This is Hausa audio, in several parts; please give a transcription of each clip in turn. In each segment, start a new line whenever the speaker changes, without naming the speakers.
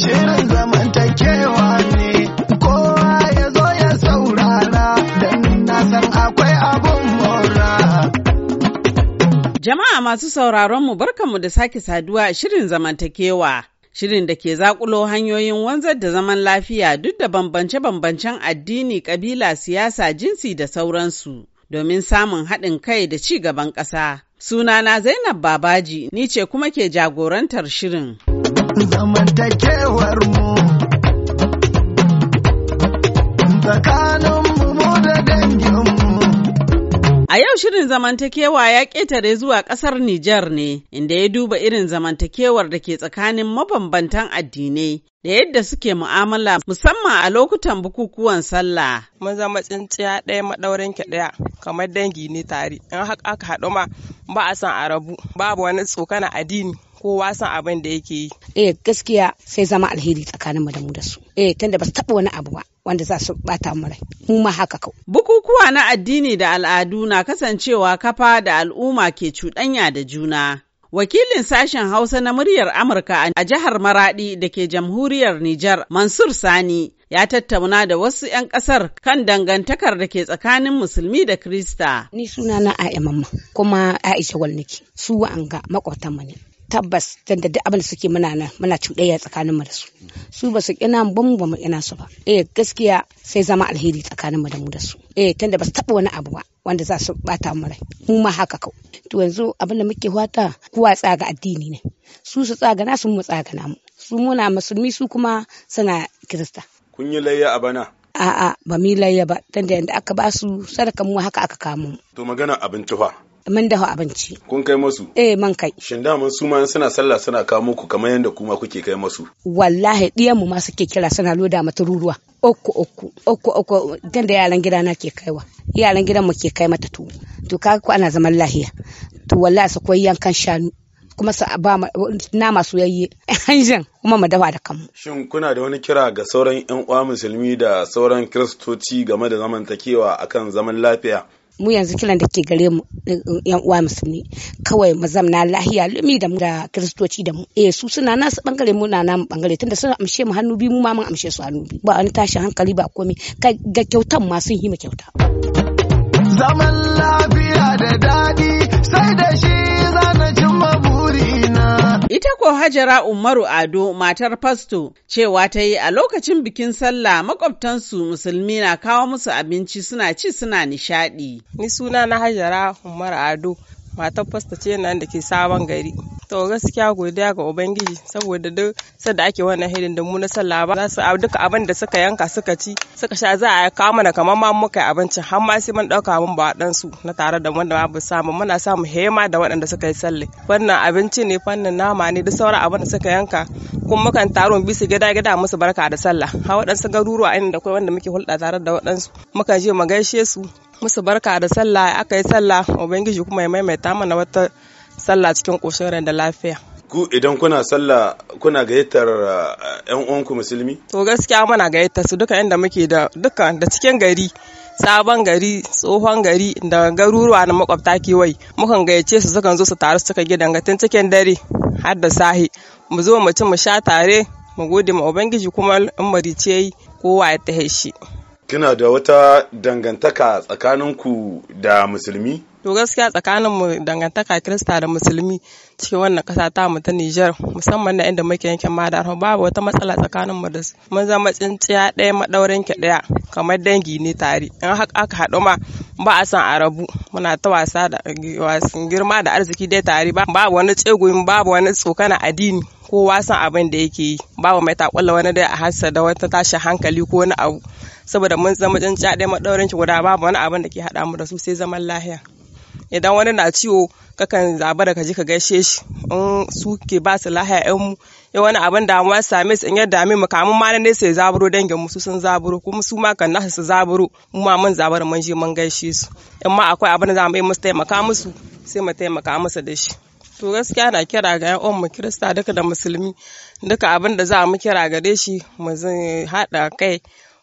Shirin zamantakewa ne kowa ya ya saurara akwai
Jama'a masu sauraronmu barkanmu da sake saduwa a shirin zamantakewa. Shirin da ke zakulo hanyoyin wanzar da zaman lafiya duk da bambance-bambancen addini, kabila, siyasa, jinsi da sauransu. domin samun haɗin kai da ci gaban ƙasa. Sunana Zainab Babaji, ni ce kuma ke jagorantar shirin. zamantakewar mu A yau shirin zamantakewa ya ƙetare zuwa ƙasar Nijar ne, inda ya duba irin zamantakewar da ke tsakanin mabambantan addinai da yadda suke mu'amala musamman a lokutan bukukuwan
sallah. Mun zama tsintsiya ɗaya maɗaurin ki ɗaya kamar dangi ne tare, in haka haɗu ma ba a san a rabu, babu wani tsokana addini. kowa san abin da yake yi
eh gaskiya sai zama alheri tsakanin da mu da su eh tunda ba su taɓa wani abu ba wanda za su bata mu rai mu ma haka kau bukukuwa na addini da al'adu na kasancewa kafa
da al'umma ke cuɗanya da juna Wakilin sashen Hausa na muryar Amurka a jihar Maradi da ke jamhuriyar Nijar, Mansur Sani, ya tattauna da wasu 'yan kasar kan dangantakar da ke tsakanin musulmi da krista.
Ni suna na Mamman kuma Aisha Walniki, su an ga makwatan ne. tabbas tunda duk abin da suke muna nan muna cuɗayya tsakanin mu da su su ba su kina mu ba mu ba mu kina su ba eh gaskiya sai zama alheri tsakanin mu da mu da su eh tunda ba su taba wani abu ba wanda za su bata mu rai mu ma haka kau to yanzu abin da muke wata kuwa tsaga addini ne su su tsaga na su mu tsaga na mu su muna musulmi su kuma suna kirista
kun yi layya a bana
a'a ba mu layya ba tunda yanda aka ba su sadaka mu haka aka kamo
to magana abin tufa
mun dafa abinci kun kai masu eh man kai
shin daman su ma suna sallah suna kawo muku kamar yadda kuma kuke kai masu
wallahi ɗiyanmu mu ma suke kira suna loda mata ruruwa uku uku uku uku dan da yaran gidana ke kaiwa yaran gidan mu ke kai mata tu. to kaga ko ana zaman lahiya to wallahi su koyi yankan shanu kuma su ba nama soyayye hanjin kuma mu dafa da kanmu.
Shin kuna da wani kira ga sauran 'yan uwa musulmi da sauran kiristoci game da zamantakewa akan zaman lafiya
mu yanzu kiran da ke gare mu eh, yan uwa musulmi kawai mazam na lahiya lumi da ga kiristoci da mu eh su suna nasu bangare mu na namu bangare tunda suna amshe mu hannu biyu mu ma mun amshe su hannu biyu ba wani tashin hankali ba komai ga kyautan ma sun yi mu kyauta zaman ko Hajara
Umaru Ado matar fasto cewa ta yi a lokacin bikin sallah makwabtansu musulmi
na kawo musu abinci suna ci suna nishaɗi. Ni suna na Hajara Umaru Ado matar fasta ce nan da ke sabon gari to gaskiya godiya ga ubangiji saboda duk sadda ake wannan hidin da mu na sallah ba za su duka abin da suka yanka suka ci suka sha za a kawo mana kamar ma muka yi abinci. har ma sai mun dauka mun ba dan su na tare da wanda ba samu muna samu hema da waɗanda suka yi sallah fannin abinci ne fannin nama ne duk sauran abin da suka yanka kuma mukan taro bisa gida gida musu barka da sallah har waɗansu garuruwa inda akwai wanda muke hulɗa tare da waɗansu muka je mu gaishe su musu barka da sallah aka yi sallah ubangiji kuma ya maimaita mana wata sallah cikin ƙoshin rai da lafiya
ku idan kuna sallah kuna gayyatar yan eh, uwanku musulmi
to gaskiya muna gayyatar su duka inda muke da duka da cikin gari sabon gari tsohon gari da garuruwa na makwabta kewai mukan gayyace su sukan zo su taru su cika gidan gatin cikin dare har da sahi mu zo mu ci mu sha tare mu gode ma ubangiji kuma in yi kowa ya tahe shi
kina da wata dangantaka tsakaninku da musulmi to gaskiya
tsakanin mu dangantaka kirista da musulmi cikin wannan kasa ta mu ta Niger musamman na inda muke yankin Madar babu wata matsala tsakanin mu da su mun zama tsintsiya ɗaya maɗaurin ki ɗaya kamar dangi ne tare in aka haɗu ma ba a san arabu muna ta wasa da girma da arziki dai tare babu wani tsegoyin babu wani tsokana addini kowa san abin da yake yi babu mai takwalla wani da a hasa da wata tashin hankali ko wani abu saboda mun zama jin ɗaya maɗaurin ki guda babu wani abin da ke haɗa mu da su sai zaman lahiya idan wani na ciwo kakan zaba da kaji ka gaishe shi in su ke ba su lahiya ɗan mu ya wani abin damuwa same su in yadda mu mu kamun ma ne sai zaburo dangin mu su sun zaburo kuma su ma kan nasu su zaburo mu ma mun zabar mun je mun gaishe su in ma akwai abin da za mu yi musu taimaka musu sai mu taimaka musu da shi to gaskiya na kira ga yan mu kirista duka da musulmi duka abin da za mu kira gare shi mu haɗa kai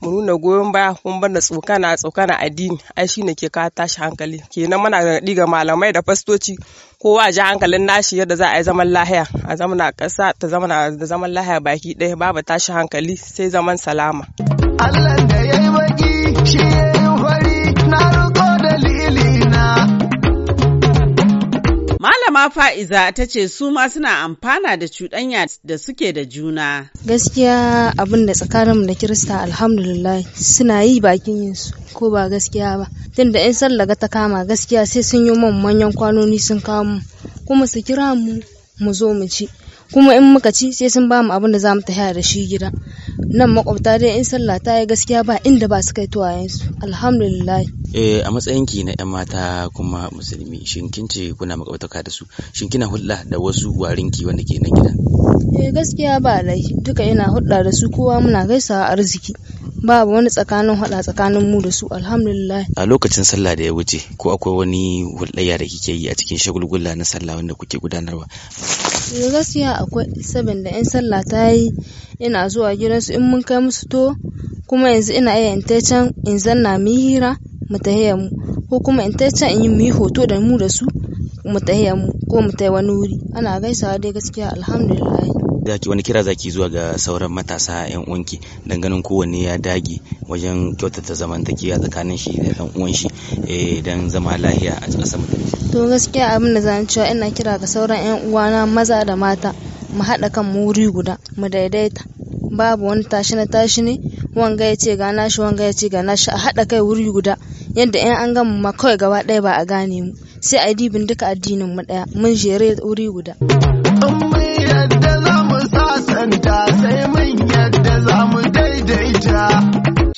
mu nuna goyon baya kun banda tsokana tsokana addini ai shine ke ka tashi hankali kenan muna gargaɗi ga malamai da fastoci kowa ji hankalin nashi yadda za a yi zaman lahiya a zamana ƙasa ta zamana da zaman lahiya baki ɗaya babu tashi hankali sai zaman salama.
Allah
Malama Fa'iza ta ce su ma suna amfana da cuɗanya da suke da juna.
Gaskiya abin da tsakaninmu da Kirista alhamdulillah suna yi bakin yinsu ko ba gaskiya ba. Tun da 'yan sallaga ta kama gaskiya sai sun yi man manyan kwanoni sun kawo mu kuma su kira mu mu zo mu ci. kuma in muka ci sai sun ba mu abin da za mu tafiya da shi gida nan makwabta dai in sallah ta yi gaskiya ba inda ba su kai tuwayensu alhamdulillah
eh a matsayin ki na yan mata kuma musulmi shin kin ce kuna makwabtaka da su shin kina hulɗa da wasu warinki wanda ke nan gida
eh gaskiya ba lai duka ina hulɗa da su kowa muna gaisawa arziki babu wani tsakanin hulɗa tsakanin mu da su alhamdulillah
a lokacin sallah da ya wuce ko akwai wani hulɗayya da kike yi a cikin shagulgula na sallah wanda kuke gudanarwa
gaskiya akwai da yan sallah ta yi ina zuwa gidansu in mun kai musu to kuma yanzu ina iya in tai can in zanna mu yi hira mu tahiyar mu ko kuma in tai can in yi mu yi hoto da mu da su mu mu ko mu ta wani wuri ana gaisawa dai gaskiya alhamdulillah
zaki wani kira zaki zuwa ga sauran matasa yan uwanki dan ganin kowanne ya dage wajen kyautata zamantakewa tsakanin shi da ɗan uwan shi eh, dan zama lahiya a ƙasar mu
to
gaskiya abin da zan cewa ina kira ga sauran yan uwana maza da mata mu haɗa kan mu wuri guda mu daidaita babu wani tashi na tashi ne wanga ya ce ga nashi wanga ya ce ga nashi a haɗa kai wuri guda yadda yan an gama ma kawai gaba ɗaya ba a gane mu sai a yi dibin duka addinin mu ɗaya mun jere wuri guda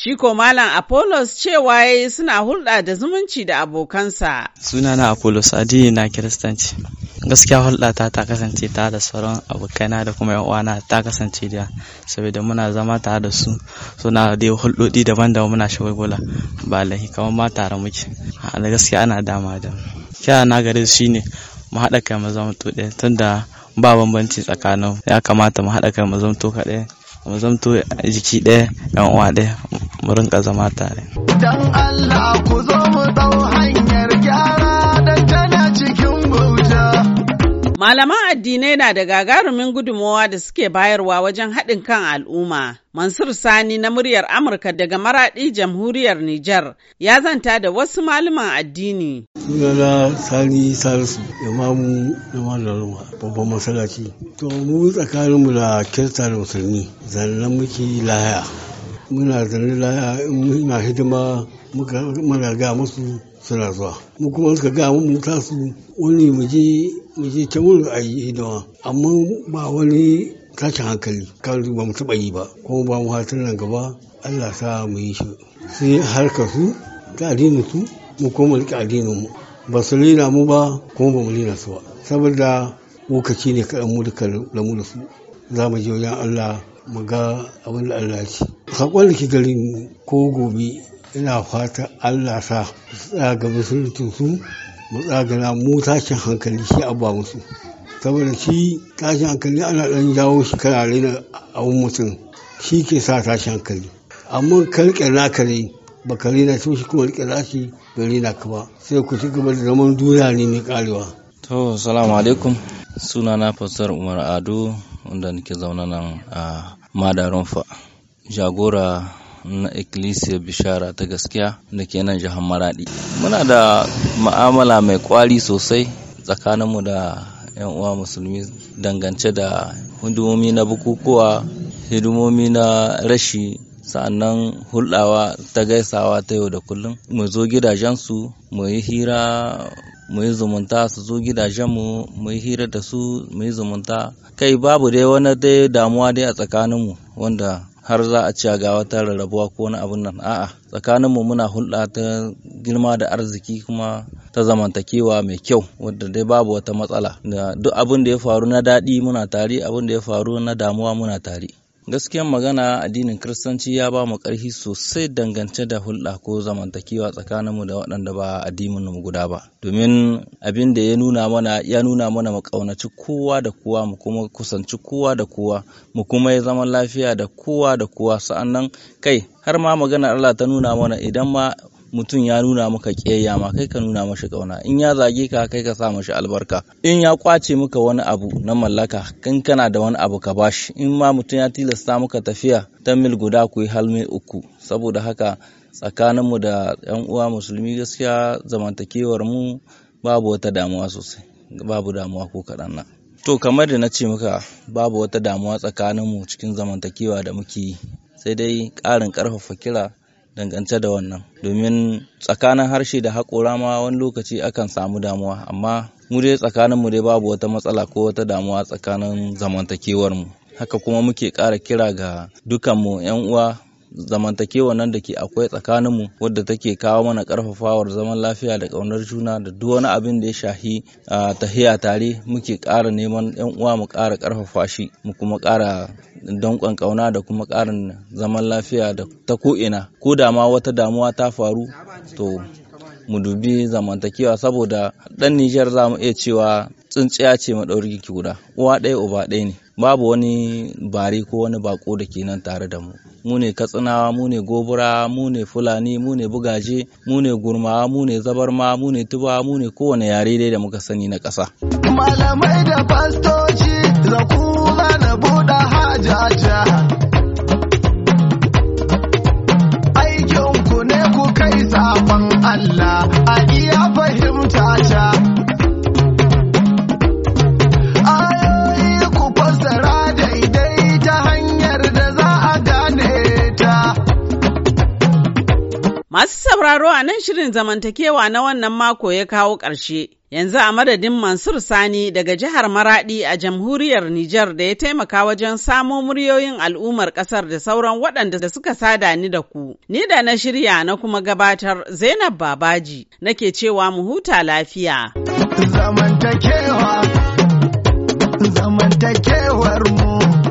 Shi ko
Malam Apollos cewa ya suna hulɗa da zumunci da abokansa.
Sunana Apollos addini na Kiristanci. Gaskiya hulɗa ta ta kasance ta da sauran abokaina da kuma uwana ta kasance da saboda muna zama ta da su suna da hulɗoɗi daban-daban muna shagulgula ba lahi kamar ma tare muke. Da gaskiya ana dama da. Kira na gari shi ne mu haɗa kai mu zama to ɗaya tunda ba bambanci tsakanin ya kamata mu haɗa kai mu zama to kaɗai jiki ɗaya yan uwa ɗaya mu rinka zama
tare.
Dan Allah ku zo mu dau hanyar gyara da tana cikin bauta. Malaman addinai na da gagarumin gudunmawa da suke bayarwa wajen haɗin kan al'umma. Mansur Sani na muryar Amurka daga maraɗi jamhuriyar Nijar ya zanta da wasu malaman addini.
Sunana Sani Salisu, imamu na malaruma babban masallaci. To mu tsakaninmu da kirtar musulmi, zannan muke lahaya. muna zaune laya muna hidima muka muna ga musu suna zuwa mu kuma suka ga mu ta su wani mu je ta wuri a yi hidima amma ba wani tashin hankali kan ba mu taɓa yi ba kuma ba mu hatar nan gaba Allah sa mu yi shi sai harkar su ta addinin su mu kuma rika addinin mu ba su lina mu ba kuma ba mu lina su ba saboda lokaci ne kaɗan mu da su za mu je wajen Allah mu ga abin da Allah ce. Sakon ke garin ko gobe ina fata Allah sa ya ga musulutun su mu tsagana mu tashin hankali shi abba musu. Saboda shi tashin hankali ana dan jawo shi kana raina abin mutum shi ke sa tashin hankali. Amma karƙe naka ne ba ka raina shi kuma riƙe shi bai raina ka ba sai ku ci gaba da zaman duniya ne mai karewa.
To, salamu alaikum. sunana Fasar Umar Ado wanda nake zauna nan a fa Jagora na ikkilisiyar Bishara ta gaskiya da ke nan jihar Maradi. Muna da ma'amala mai kwari sosai tsakaninmu da 'yan uwa musulmi dangance da hidimomi na bukukuwa, hidimomi na rashi sa'annan hulɗawa ta gaisawa ta yau da kullum mu zo gidajensu mu yi hira mu yi zumunta su zo gidajenmu mu yi hira da su mu yi zumunta kai babu dai wani dai damuwa dai a tsakaninmu wanda har za a ci ga wata rarrabuwa ko wani abun nan a'a tsakaninmu muna hulɗa ta girma da arziki kuma ta zamantakewa mai kyau wadda dai babu wata matsala da duk abin da ya faru na daɗi muna tare abin da ya faru na damuwa muna tare gaskiyan magana addinin kiristanci ya ba mu ƙarfi sosai dangance da hulɗa ko zamantakewa tsakaninmu da waɗanda ba addinin mu guda ba domin abin da ya nuna mana ya nuna mana mu ƙaunaci kowa da kowa mu kuma kusanci kowa da kowa mu kuma ya zaman lafiya da kowa da kowa sa'annan kai har ma magana Allah ta nuna mana idan ma mutum ya nuna maka ƙiyayya ma kai ka nuna mashi ƙauna in ya zage ka kai ka sa mashi albarka in ya kwace maka wani abu na mallaka kan kana da wani abu ka bashi in ma mutum ya tilasta maka tafiya ta mil guda ku yi halmi uku saboda haka tsakaninmu da 'yan uwa musulmi gaskiya zamantakewar mu babu wata damuwa sosai babu damuwa ko kaɗan na. to kamar da na ce maka babu wata damuwa tsakaninmu cikin zamantakewa da muke yi sai dai ƙarin ƙarfafa kira dangance da wannan domin tsakanin harshe da haƙora ma wani lokaci akan samu damuwa amma mu dai tsakanin mu dai babu wata matsala ko wata damuwa tsakanin zamantakewar mu haka kuma muke ƙara kira ga mu 'yan uwa zamantakewa nan da ke akwai tsakaninmu wadda take kawo mana karfafawar zaman lafiya da ƙaunar juna da duk wani abin da ya shahi a tahiya tare muke ƙara neman yan uwa mu ƙara ƙarfafa shi mu kuma ƙara danƙon ƙauna da kuma ƙarin zaman lafiya da ta ko'ina ko da ma wata damuwa ta faru to mu dubi zamantakewa saboda ɗan Nijar za mu iya cewa tsintsiya ce maɗaurin guda uwa ɗaya uba ɗaya ne babu wani bari ko wani bako da ke nan tare da mu mu ne katsinawa mu ne gobura mu ne fulani mu ne bugaje mu ne gurmawa mu ne zabarma mu ne tuba mu ne kowane yare dai da muka sani na ƙasa
malamai da fastoci kula na buɗa haja
sauraro a nan shirin zamantakewa na wannan mako ya kawo ƙarshe. Yanzu a madadin Mansur Sani daga jihar Maradi a jamhuriyar Nijar da ya taimaka wajen samo muryoyin al'ummar ƙasar da sauran waɗanda da suka sada ni da ku. Ni da na shirya na kuma gabatar Zainab Babaji nake cewa mu huta lafiya.
Zamantakewa, zamantakewar mu.